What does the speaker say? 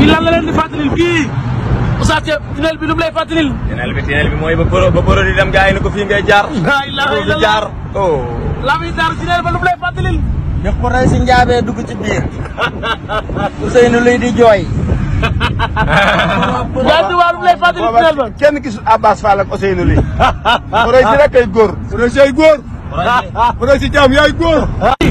fii lan la leen di fàttalil fii Oustaz Thié tunnel bi lu mu lay fàttalil. tunnel bi tunnel bi mooy ba pro ba pro di dem gars yi ne ko fii ngay jaar. laa ilaaha illallaah jaar oh. laa muy jaar tunnel ba lu mu lay fàttalil. def ko rey si njaabee dugg ci biir. Ousseynou luy di jooy. yaa ngi waa lu mu lay fàttali tunnel ba kenn gisul Abbas Fall ak Ousseynou luy. bu rey si rek ay góor. bu rey si ay góor. bu rey si jaam yaay góor.